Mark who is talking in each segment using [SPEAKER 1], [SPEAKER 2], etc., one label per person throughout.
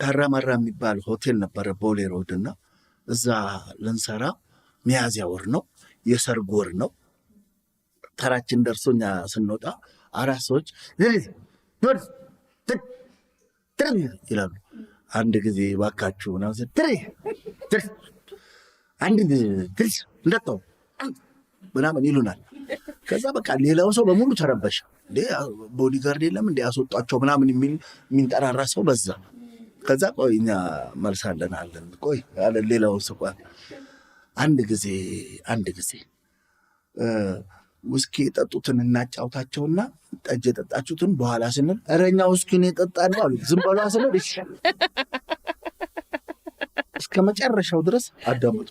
[SPEAKER 1] ዳራማራ የሚባል ሆቴል ነበረ ቦሌ ሮድ እና እዛ ልንሰራ ሚያዝያ ወር ነው፣ የሰርግ ወር ነው። ተራችን ደርሶ እኛ ስንወጣ አራት ሰዎች ይላሉ። አንድ ጊዜ ባካችሁ ምናምን አንድ ትሪ እንደጠው ምናምን ይሉናል። ከዛ በቃ ሌላው ሰው በሙሉ ተረበሸ። ቦዲጋርድ የለም እንዲ ያስወጧቸው ምናምን የሚል የሚንጠራራ ሰው በዛ ከዛ ቆይ እኛ መልሳለን አለን። ቆይ አለ ሌላው ስቋል። አንድ ጊዜ አንድ ጊዜ ውስኪ የጠጡትን እናጫውታቸውና ጠጅ የጠጣችሁትን በኋላ ስንል ኧረ ውስኪን የጠጣ ነው አሉ። ዝም በሏ ስንል እስከ መጨረሻው ድረስ አዳመጡ።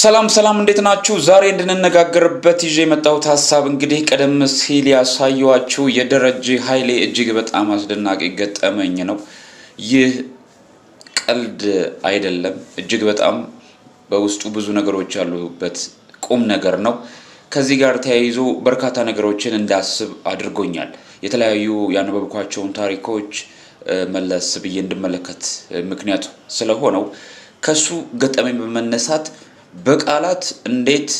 [SPEAKER 2] ሰላም ሰላም፣ እንዴት ናችሁ? ዛሬ እንድንነጋገርበት ይዤ የመጣሁት ሀሳብ እንግዲህ ቀደም ሲል ያሳየኋችሁ የደረጀ ኃይሌ እጅግ በጣም አስደናቂ ገጠመኝ ነው። ይህ ቀልድ አይደለም። እጅግ በጣም በውስጡ ብዙ ነገሮች ያሉበት ቁም ነገር ነው። ከዚህ ጋር ተያይዞ በርካታ ነገሮችን እንዳስብ አድርጎኛል። የተለያዩ ያነበብኳቸውን ታሪኮች መለስ ብዬ እንድመለከት ምክንያቱ ስለሆነው ከሱ ገጠመኝ በመነሳት በቃላት እንዴት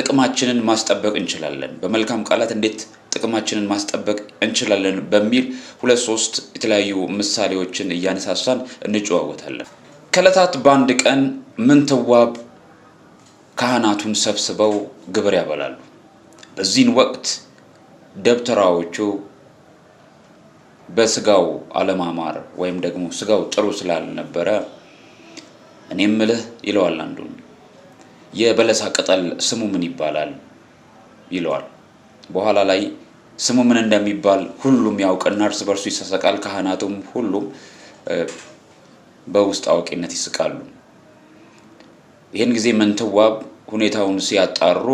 [SPEAKER 2] ጥቅማችንን ማስጠበቅ እንችላለን፣ በመልካም ቃላት እንዴት ጥቅማችንን ማስጠበቅ እንችላለን በሚል ሁለት ሶስት የተለያዩ ምሳሌዎችን እያነሳሳን እንጨዋወታለን። ከእለታት በአንድ ቀን ምንትዋብ ካህናቱን ሰብስበው ግብር ያበላሉ። በዚህን ወቅት ደብተራዎቹ በስጋው አለማማር ወይም ደግሞ ስጋው ጥሩ ስላልነበረ እኔም ምልህ ይለዋል አንዱን የበለሳ ቅጠል ስሙ ምን ይባላል ይለዋል። በኋላ ላይ ስሙ ምን እንደሚባል ሁሉም ያውቅና እርስ በርሱ ይሰሰቃል። ካህናቱም ሁሉም በውስጥ አዋቂነት ይስቃሉ። ይህን ጊዜ ምንትዋብ ሁኔታውን ሲያጣሩ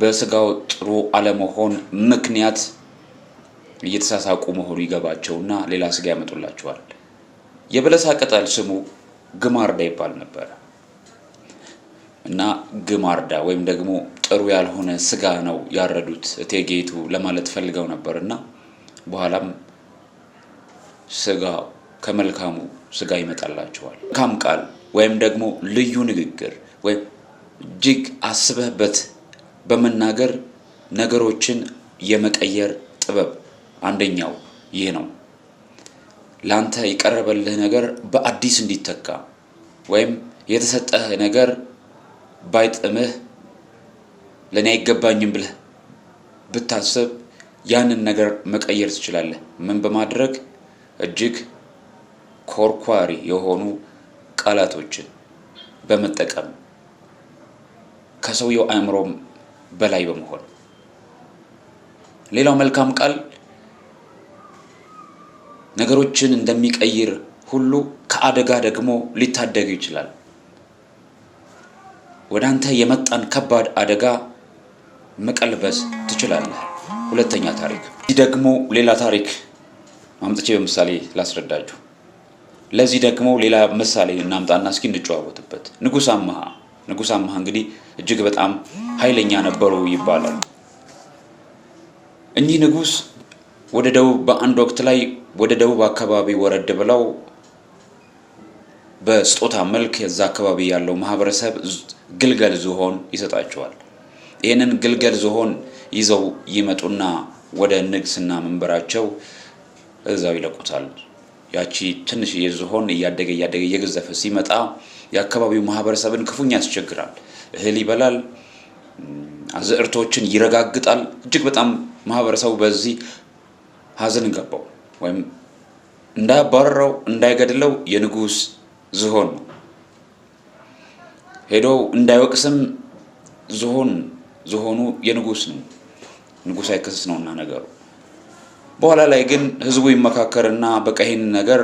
[SPEAKER 2] በስጋው ጥሩ አለመሆን ምክንያት እየተሳሳቁ መሆኑ ይገባቸውና ሌላ ስጋ ያመጡላቸዋል። የበለሳ ቅጠል ስሙ ግማርዳ ይባል ነበረ። እና ግማርዳ ወይም ደግሞ ጥሩ ያልሆነ ስጋ ነው ያረዱት እቴጌቱ ለማለት ፈልገው ነበር እና በኋላም ስጋ ከመልካሙ ስጋ ይመጣላቸዋል። መልካም ቃል ወይም ደግሞ ልዩ ንግግር ወይም እጅግ አስበህበት በመናገር ነገሮችን የመቀየር ጥበብ አንደኛው ይህ ነው። ለአንተ የቀረበልህ ነገር በአዲስ እንዲተካ ወይም የተሰጠህ ነገር ባይጥምህ ለእኔ አይገባኝም ብለህ ብታስብ ያንን ነገር መቀየር ትችላለህ። ምን በማድረግ እጅግ ኮርኳሪ የሆኑ ቃላቶችን በመጠቀም ከሰውየው አእምሮም በላይ በመሆን ሌላው መልካም ቃል ነገሮችን እንደሚቀይር ሁሉ ከአደጋ ደግሞ ሊታደግ ይችላል። ወደ አንተ የመጣን ከባድ አደጋ መቀልበስ ትችላለህ። ሁለተኛ ታሪክ። እዚህ ደግሞ ሌላ ታሪክ አምጥቼ በምሳሌ ላስረዳችሁ። ለዚህ ደግሞ ሌላ ምሳሌ እናምጣና እስኪ እንጨዋወትበት። ንጉሥ አምሃ ንጉሥ አምሃ እንግዲህ እጅግ በጣም ኃይለኛ ነበሩ ይባላል። እኚህ ንጉሥ ወደ ደቡብ በአንድ ወቅት ላይ ወደ ደቡብ አካባቢ ወረድ ብለው በስጦታ መልክ የዛ አካባቢ ያለው ማህበረሰብ ግልገል ዝሆን ይሰጣቸዋል። ይህንን ግልገል ዝሆን ይዘው ይመጡና ወደ ንግስና መንበራቸው እዛው ይለቁታል። ያቺ ትንሽዬ ዝሆን እያደገ እያደገ እየገዘፈ ሲመጣ የአካባቢው ማህበረሰብን ክፉኛ ያስቸግራል። እህል ይበላል፣ አዝዕርቶችን ይረጋግጣል። እጅግ በጣም ማህበረሰቡ በዚህ ሀዘን ገባው ወይም እንዳያባረረው እንዳይገድለው የንጉስ ዝሆን ነው። ሄዶ እንዳይወቅስም ዝሆን ዝሆኑ የንጉስ ነው። ንጉስ አይከስስ ነውና ነገሩ። በኋላ ላይ ግን ህዝቡ ይመካከርና በቃ ይህን ነገር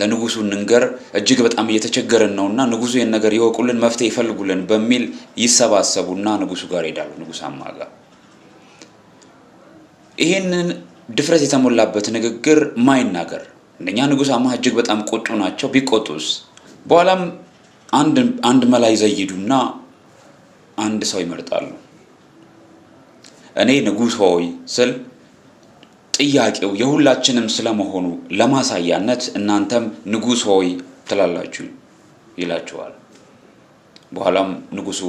[SPEAKER 2] ለንጉሱ እንንገር፣ እጅግ በጣም እየተቸገረን ነውና ንጉሱ ይህን ነገር ይወቁልን፣ መፍትሄ ይፈልጉልን በሚል ይሰባሰቡና ንጉሱ ጋር ይሄዳሉ። ንጉስ አማ ጋር ይህንን ድፍረት የተሞላበት ንግግር ማይናገር አንደኛ ንጉሥ አማ እጅግ በጣም ቁጡ ናቸው። ቢቆጡስ በኋላም አንድ መላ ይዘይዱና አንድ ሰው ይመርጣሉ። እኔ ንጉሥ ሆይ ስል ጥያቄው የሁላችንም ስለመሆኑ ለማሳያነት እናንተም ንጉሥ ሆይ ትላላችሁ ይላችኋል። በኋላም ንጉሱ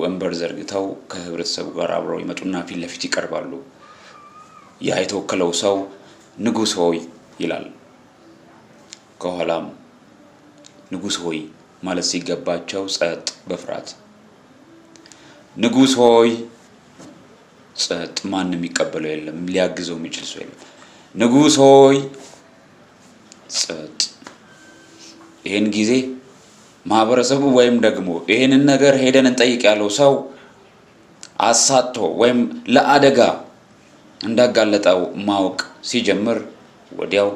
[SPEAKER 2] ወንበር ዘርግተው ከህብረተሰቡ ጋር አብረው ይመጡና ፊት ለፊት ይቀርባሉ። ያ የተወከለው ሰው ንጉሥ ሆይ ይላል። ከኋላም ንጉሥ ሆይ ማለት ሲገባቸው ጸጥ በፍርሃት ንጉሥ ሆይ ጸጥ። ማንም የሚቀበለው የለም፣ ሊያግዘው የሚችል ሰው የለም። ንጉሥ ሆይ ጸጥ። ይህን ጊዜ ማህበረሰቡ ወይም ደግሞ ይህንን ነገር ሄደን እንጠይቅ ያለው ሰው አሳቶ ወይም ለአደጋ እንዳጋለጠው ማወቅ ሲጀምር ወዲያው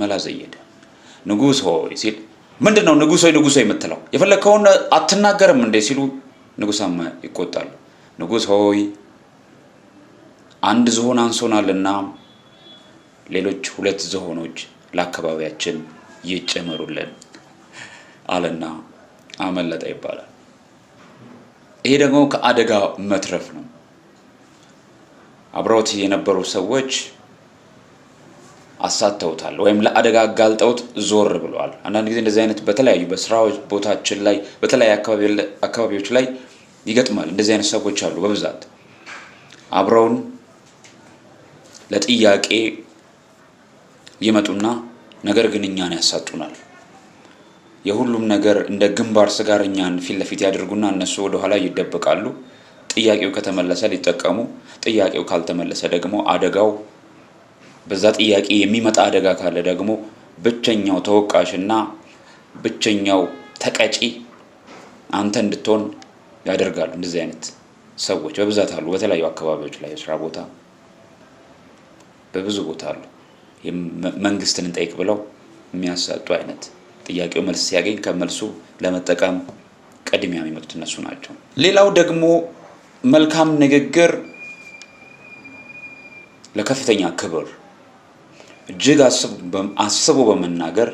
[SPEAKER 2] መላ ዘየደ። ንጉሥ ሆይ ሲል ምንድን ነው ንጉሥ ሆይ ንጉሥ ሆይ የምትለው የፈለግከውን አትናገርም እንዴ? ሲሉ ንጉሳማ ይቆጣሉ። ንጉሥ ሆይ አንድ ዝሆን አንሶናልና ሌሎች ሁለት ዝሆኖች ለአካባቢያችን ይጨመሩልን አለና አመለጠ ይባላል። ይሄ ደግሞ ከአደጋ መትረፍ ነው። አብረውት የነበሩ ሰዎች አሳተውታል ወይም ለአደጋ አጋልጠውት ዞር ብለዋል። አንዳንድ ጊዜ እንደዚህ አይነት በተለያዩ በስራዎች ቦታችን ላይ በተለያዩ አካባቢዎች ላይ ይገጥማል። እንደዚህ አይነት ሰዎች አሉ በብዛት አብረውን ለጥያቄ ይመጡና ነገር ግን እኛን ያሳጡናል። የሁሉም ነገር እንደ ግንባር ስጋር እኛን ፊት ለፊት ያደርጉና እነሱ ወደኋላ ይደበቃሉ። ጥያቄው ከተመለሰ ሊጠቀሙ፣ ጥያቄው ካልተመለሰ ደግሞ አደጋው በዛ ጥያቄ የሚመጣ አደጋ ካለ ደግሞ ብቸኛው ተወቃሽና ብቸኛው ተቀጪ አንተ እንድትሆን ያደርጋሉ። እንደዚህ አይነት ሰዎች በብዛት አሉ፣ በተለያዩ አካባቢዎች ላይ ስራ ቦታ በብዙ ቦታ አሉ። መንግስትን እንጠይቅ ብለው የሚያሳጡ አይነት ጥያቄው መልስ ሲያገኝ ከመልሱ ለመጠቀም ቅድሚያ የሚመጡት እነሱ ናቸው። ሌላው ደግሞ መልካም ንግግር ለከፍተኛ ክብር እጅግ አስቦ በመናገር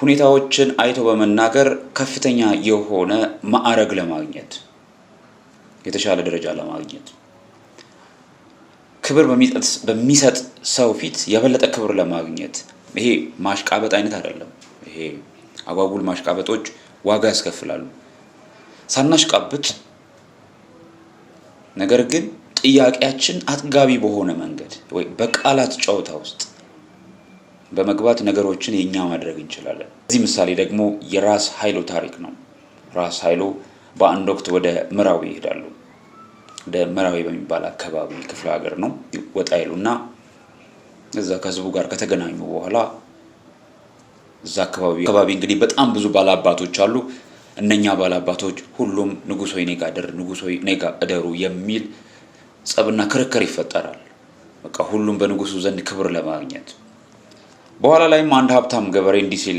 [SPEAKER 2] ሁኔታዎችን አይቶ በመናገር ከፍተኛ የሆነ ማዕረግ ለማግኘት የተሻለ ደረጃ ለማግኘት ክብር በሚሰጥ ሰው ፊት የበለጠ ክብር ለማግኘት ይሄ ማሽቃበጥ አይነት አይደለም። ይሄ አጓጉል ማሽቃበጦች ዋጋ ያስከፍላሉ። ሳናሽቃብጥ ነገር ግን ጥያቄያችን አጥጋቢ በሆነ መንገድ ወይ በቃላት ጨዋታ ውስጥ በመግባት ነገሮችን የእኛ ማድረግ እንችላለን። እዚህ ምሳሌ ደግሞ የራስ ኃይሉ ታሪክ ነው። ራስ ኃይሉ በአንድ ወቅት ወደ ምራዊ ይሄዳሉ። ወደ ምራዊ በሚባል አካባቢ ክፍለ ሀገር ነው። ወጣ ይሉና እዛ ከህዝቡ ጋር ከተገናኙ በኋላ እዛ አካባቢ አካባቢ እንግዲህ በጣም ብዙ ባላባቶች አሉ። እነኛ ባላባቶች ሁሉም ንጉሶ ኔጋ ደር ንጉሶ ኔጋ እደሩ የሚል ጸብና ክርክር ይፈጠራል። በቃ ሁሉም በንጉሱ ዘንድ ክብር ለማግኘት። በኋላ ላይም አንድ ሀብታም ገበሬ እንዲህ ሲል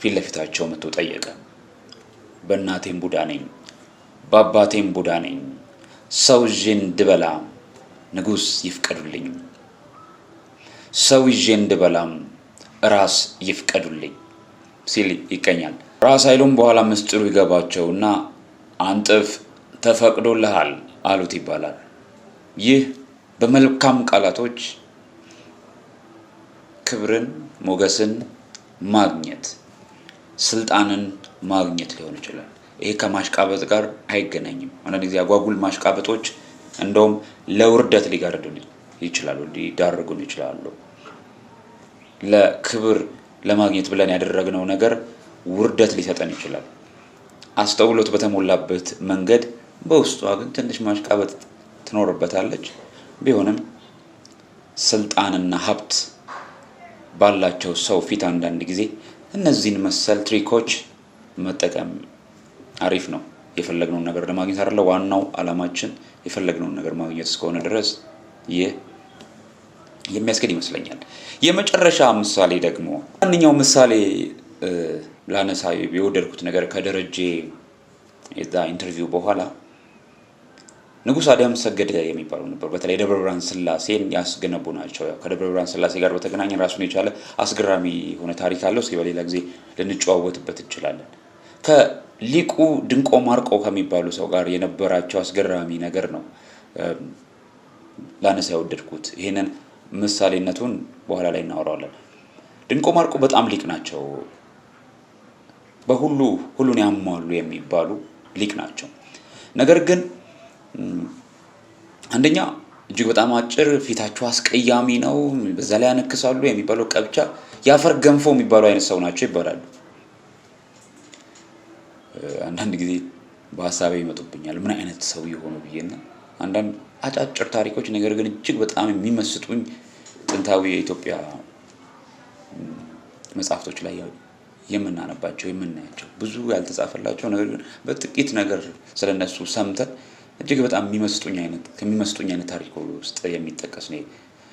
[SPEAKER 2] ፊት ለፊታቸው መጥቶ ጠየቀ። በእናቴም ቡዳ ነኝ፣ በአባቴም ቡዳ ነኝ። ሰው ይዤ እንድበላ ንጉስ ይፍቀዱልኝ። ሰው ይዤ እንድበላም ራስ ይፍቀዱልኝ ሲል ይቀኛል። ራስ አይሉም። በኋላ ምስጢሩ ይገባቸውና አንጥፍ ተፈቅዶልሃል አሉት ይባላል። ይህ በመልካም ቃላቶች ክብርን፣ ሞገስን ማግኘት፣ ስልጣንን ማግኘት ሊሆን ይችላል። ይሄ ከማሽቃበጥ ጋር አይገናኝም። አንዳንድ ጊዜ አጓጉል ማሽቃበጦች እንደውም ለውርደት ሊጋርዱን ይችላሉ፣ ሊዳርጉን ይችላሉ። ለክብር ለማግኘት ብለን ያደረግነው ነገር ውርደት ሊሰጠን ይችላል። አስተውሎት በተሞላበት መንገድ በውስጧ ግን ትንሽ ማሽቃበጥ ትኖርበታለች። ቢሆንም ስልጣንና ሀብት ባላቸው ሰው ፊት አንዳንድ ጊዜ እነዚህን መሰል ትሪኮች መጠቀም አሪፍ ነው። የፈለግነውን ነገር ለማግኘት አይደለ ዋናው አላማችን የፈለግነውን ነገር ማግኘት እስከሆነ ድረስ ይህ የሚያስገድ ይመስለኛል። የመጨረሻ ምሳሌ ደግሞ ማንኛው ምሳሌ ላነሳ የወደድኩት ነገር ከደረጀ የዛ ኢንተርቪው በኋላ ንጉሥ አዳም ሰገደ የሚባሉ ነበሩ። በተለይ ደብረ ብርሃን ስላሴን ያስገነቡ ናቸው። ከደብረ ብርሃን ስላሴ ጋር በተገናኘ ራሱን የቻለ አስገራሚ የሆነ ታሪክ አለው። እስኪ በሌላ ጊዜ ልንጨዋወትበት እንችላለን። ከሊቁ ድንቆ ማርቆ ከሚባሉ ሰው ጋር የነበራቸው አስገራሚ ነገር ነው ላነሳ የወደድኩት። ይህንን ምሳሌነቱን በኋላ ላይ እናወራዋለን። ድንቆ ማርቆ በጣም ሊቅ ናቸው። በሁሉ ሁሉን ያሟሉ የሚባሉ ሊቅ ናቸው። ነገር ግን አንደኛ እጅግ በጣም አጭር፣ ፊታቸው አስቀያሚ ነው፣ በዛ ላይ ያነክሳሉ የሚባለው ቀብቻ፣ የአፈር ገንፎ የሚባሉ አይነት ሰው ናቸው ይባላሉ። አንዳንድ ጊዜ በሀሳቤ ይመጡብኛል ምን አይነት ሰው የሆኑ ብዬና አንዳንድ አጫጭር ታሪኮች ነገር ግን እጅግ በጣም የሚመስጡኝ ጥንታዊ የኢትዮጵያ መጽሐፍቶች ላይ የምናነባቸው የምናያቸው ብዙ ያልተጻፈላቸው ነገር ግን በጥቂት ነገር ስለነሱ ሰምተን እጅግ በጣም የሚመስጡኝ አይነት ከሚመስጡኝ አይነት ታሪክ ውስጥ የሚጠቀስ ነው።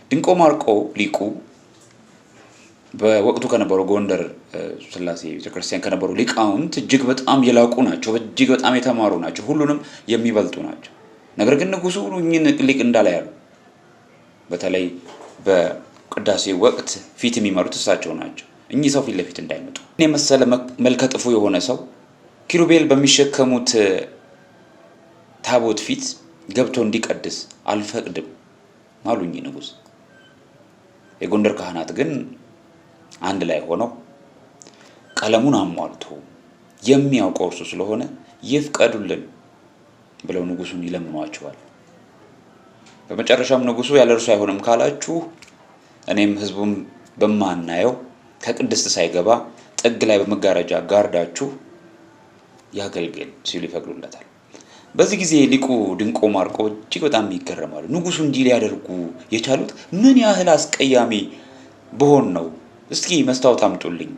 [SPEAKER 2] ድንቆ ማርቆ ሊቁ በወቅቱ ከነበሩ ጎንደር ስላሴ ቤተክርስቲያን ከነበሩ ሊቃውንት እጅግ በጣም የላቁ ናቸው። እጅግ በጣም የተማሩ ናቸው። ሁሉንም የሚበልጡ ናቸው። ነገር ግን ንጉሱ እኚህን ሊቅ እንዳላ ያሉ በተለይ በቅዳሴ ወቅት ፊት የሚመሩት እሳቸው ናቸው። እኚህ ሰው ፊት ለፊት እንዳይመጡ የመሰለ መልከ ጥፉ የሆነ ሰው ኪሩቤል በሚሸከሙት ታቦት ፊት ገብቶ እንዲቀድስ አልፈቅድም አሉኝ ንጉስ የጎንደር ካህናት ግን አንድ ላይ ሆነው ቀለሙን አሟልቶ የሚያውቀው እርሱ ስለሆነ ይፍቀዱልን ብለው ንጉሱን ይለምኗቸዋል። በመጨረሻም ንጉሱ ያለ እርሱ አይሆንም ካላችሁ እኔም ህዝቡን በማናየው ከቅድስት ሳይገባ ጥግ ላይ በመጋረጃ ጋርዳችሁ ያገልግል ሲሉ ይፈቅዱለታል። በዚህ ጊዜ ሊቁ ድንቆ ማርቆ እጅግ በጣም ይገረማሉ። ንጉሱ እንዲህ ሊያደርጉ የቻሉት ምን ያህል አስቀያሚ በሆን ነው? እስኪ መስታወት አምጡልኝ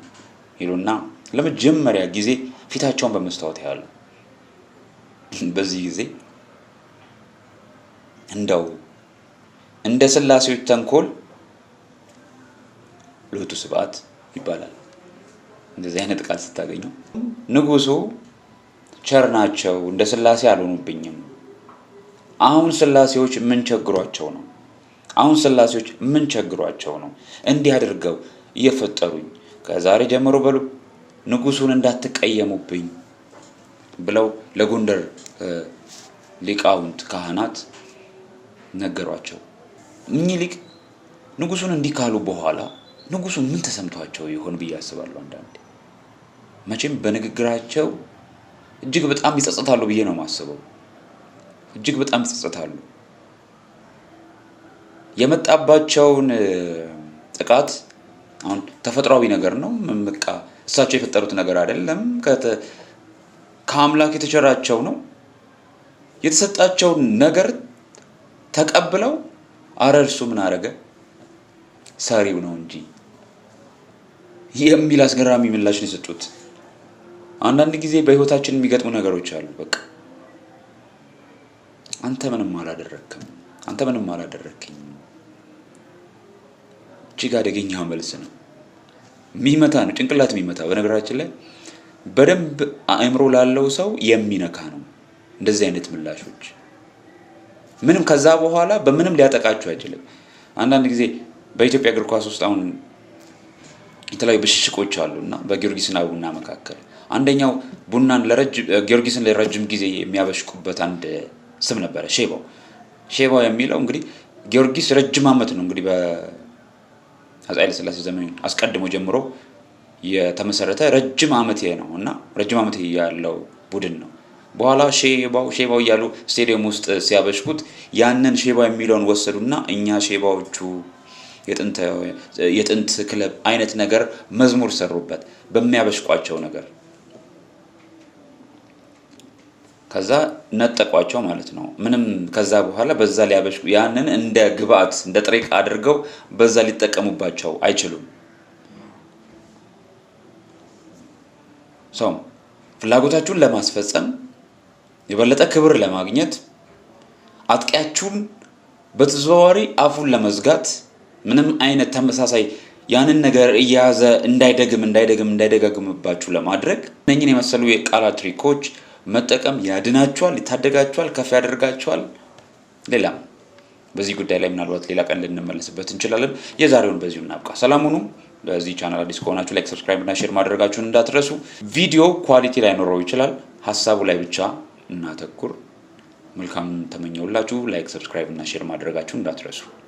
[SPEAKER 2] ይሉና ለመጀመሪያ ጊዜ ፊታቸውን በመስታወት ያሉ። በዚህ ጊዜ እንደው እንደ ስላሴዎች ተንኮል ሎቱ ስብዓት ይባላል። እንደዚህ አይነት ቃል ስታገኙ ንጉሱ ቸር ናቸው፣ እንደ ስላሴ አልሆኑብኝም። አሁን ስላሴዎች ምን ቸግሯቸው ነው? አሁን ስላሴዎች ምን ቸግሯቸው ነው እንዲህ አድርገው እየፈጠሩኝ? ከዛሬ ጀምሮ በሉ ንጉሱን እንዳትቀየሙብኝ ብለው ለጎንደር ሊቃውንት ካህናት ነገሯቸው። እኚህ ሊቅ ንጉሱን እንዲህ ካሉ በኋላ ንጉሱ ምን ተሰምቷቸው ይሆን ብዬ አስባለሁ። አንዳንዴ መቼም በንግግራቸው እጅግ በጣም ይጸጸታሉ ብዬ ነው የማስበው። እጅግ በጣም ይጸጸታሉ። የመጣባቸውን ጥቃት አሁን ተፈጥሯዊ ነገር ነው። ምቃ እሳቸው የፈጠሩት ነገር አይደለም። ከአምላክ የተቸራቸው ነው። የተሰጣቸውን ነገር ተቀብለው አረ እርሱ ምን አረገ ሰሪው ነው እንጂ የሚል አስገራሚ ምላሽ ነው የሰጡት። አንዳንድ ጊዜ በህይወታችን የሚገጥሙ ነገሮች አሉ። በቃ አንተ ምንም አላደረክም፣ አንተ ምንም አላደረክኝም። እጅግ አደገኛ መልስ ነው። የሚመታ ነው፣ ጭንቅላት የሚመታ በነገራችን ላይ በደንብ አእምሮ ላለው ሰው የሚነካ ነው። እንደዚህ አይነት ምላሾች ምንም ከዛ በኋላ በምንም ሊያጠቃችሁ አይችልም። አንዳንድ ጊዜ በኢትዮጵያ እግር ኳስ ውስጥ አሁን የተለያዩ ብሽሽቆች አሉ እና በጊዮርጊስና ቡና መካከል አንደኛው ቡናን ጊዮርጊስን ለረጅም ጊዜ የሚያበሽቁበት አንድ ስም ነበረ፣ ሼባው። ሼባው የሚለው እንግዲህ ጊዮርጊስ ረጅም ዓመት ነው እንግዲህ በአፄ ኃይለሥላሴ ዘመን አስቀድሞ ጀምሮ የተመሰረተ ረጅም ዓመት ነው እና ረጅም ዓመት ያለው ቡድን ነው። በኋላ ሼባው ሼባው እያሉ ስቴዲየም ውስጥ ሲያበሽኩት ያንን ሼባ የሚለውን ወሰዱና እኛ ሼባዎቹ የጥንት ክለብ አይነት ነገር መዝሙር ሰሩበት በሚያበሽቋቸው ነገር። ከዛ ነጠቋቸው ማለት ነው። ምንም ከዛ በኋላ በዛ ሊያበሽቁ ያንን እንደ ግብአት እንደ ጥሬቃ አድርገው በዛ ሊጠቀሙባቸው አይችሉም። ሰው ፍላጎታችሁን ለማስፈጸም የበለጠ ክብር ለማግኘት አጥቂያችሁን በተዘዋዋሪ አፉን ለመዝጋት ምንም አይነት ተመሳሳይ ያንን ነገር እየያዘ እንዳይደግም እንዳይደግም እንዳይደጋግምባችሁ ለማድረግ እነኝን የመሰሉ የቃላት ትሪኮች መጠቀም ያድናችኋል፣ ይታደጋችኋል፣ ከፍ ያደርጋችኋል። ሌላም በዚህ ጉዳይ ላይ ምናልባት ሌላ ቀን ልንመለስበት እንችላለን። የዛሬውን በዚሁ እናብቃ። ሰላም ሁኑ። በዚህ ቻናል አዲስ ከሆናችሁ ላይክ፣ ሰብስክራይብ እና ሼር ማድረጋችሁን እንዳትረሱ። ቪዲዮ ኳሊቲ ላይኖረው ይችላል፣ ሀሳቡ ላይ ብቻ እናተኩር። መልካም ተመኘውላችሁ። ላይክ፣ ሰብስክራይብ እና ሼር ማድረጋችሁን እንዳትረሱ።